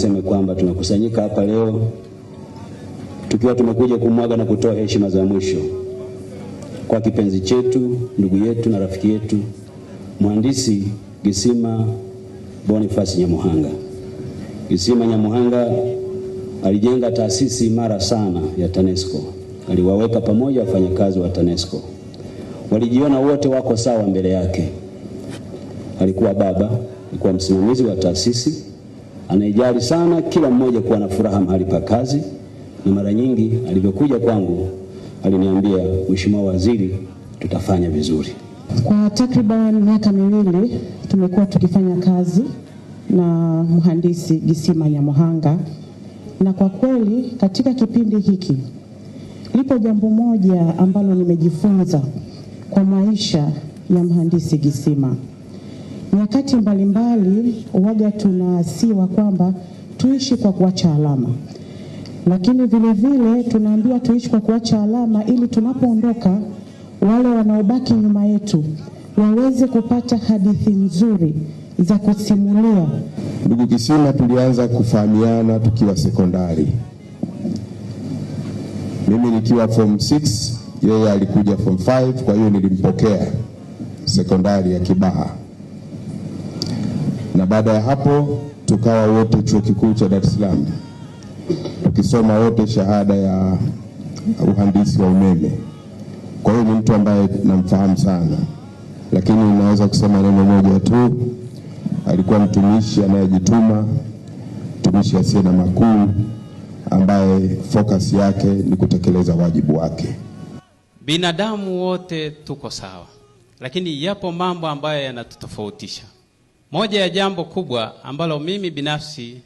Seme kwamba tunakusanyika hapa leo tukiwa tumekuja kumwaga na kutoa heshima za mwisho kwa kipenzi chetu, ndugu yetu na rafiki yetu Mhandisi Gissima Boniface Nyamuhanga. Gissima Nyamuhanga alijenga taasisi imara sana ya TANESCO, aliwaweka pamoja wafanyakazi wa TANESCO, walijiona wote wako sawa mbele yake. Alikuwa baba, alikuwa msimamizi wa taasisi anaijali sana kila mmoja kuwa na furaha mahali pa kazi, na mara nyingi alivyokuja kwangu aliniambia, Mheshimiwa Waziri, tutafanya vizuri. Kwa takriban miaka miwili tumekuwa tukifanya kazi na mhandisi Gissima nyamohanga na kwa kweli katika kipindi hiki lipo jambo moja ambalo nimejifunza kwa maisha ya mhandisi Gissima nyakati mbalimbali waga tunaasiwa kwamba tuishi kwa kuacha alama, lakini vile vile tunaambiwa tuishi kwa kuacha alama ili tunapoondoka wale wanaobaki nyuma yetu waweze kupata hadithi nzuri za kusimulia. Ndugu Kisima, tulianza kufahamiana tukiwa sekondari, mimi nikiwa form 6 yeye alikuja form 5, kwa hiyo nilimpokea sekondari ya Kibaha na baada ya hapo tukawa wote chuo kikuu cha Dar es Salaam tukisoma wote shahada ya uhandisi wa umeme. Kwa hiyo ni mtu ambaye namfahamu sana, lakini naweza kusema neno moja tu, alikuwa mtumishi anayejituma, mtumishi asiye na makuu, ambaye focus yake ni kutekeleza wajibu wake. Binadamu wote tuko sawa, lakini yapo mambo ambayo yanatutofautisha. Moja ya jambo kubwa ambalo mimi binafsi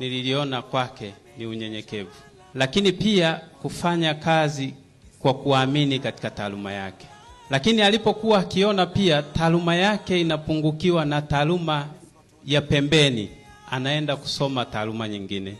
nililiona kwake ni unyenyekevu, lakini pia kufanya kazi kwa kuamini katika taaluma yake. Lakini alipokuwa akiona pia taaluma yake inapungukiwa na taaluma ya pembeni, anaenda kusoma taaluma nyingine.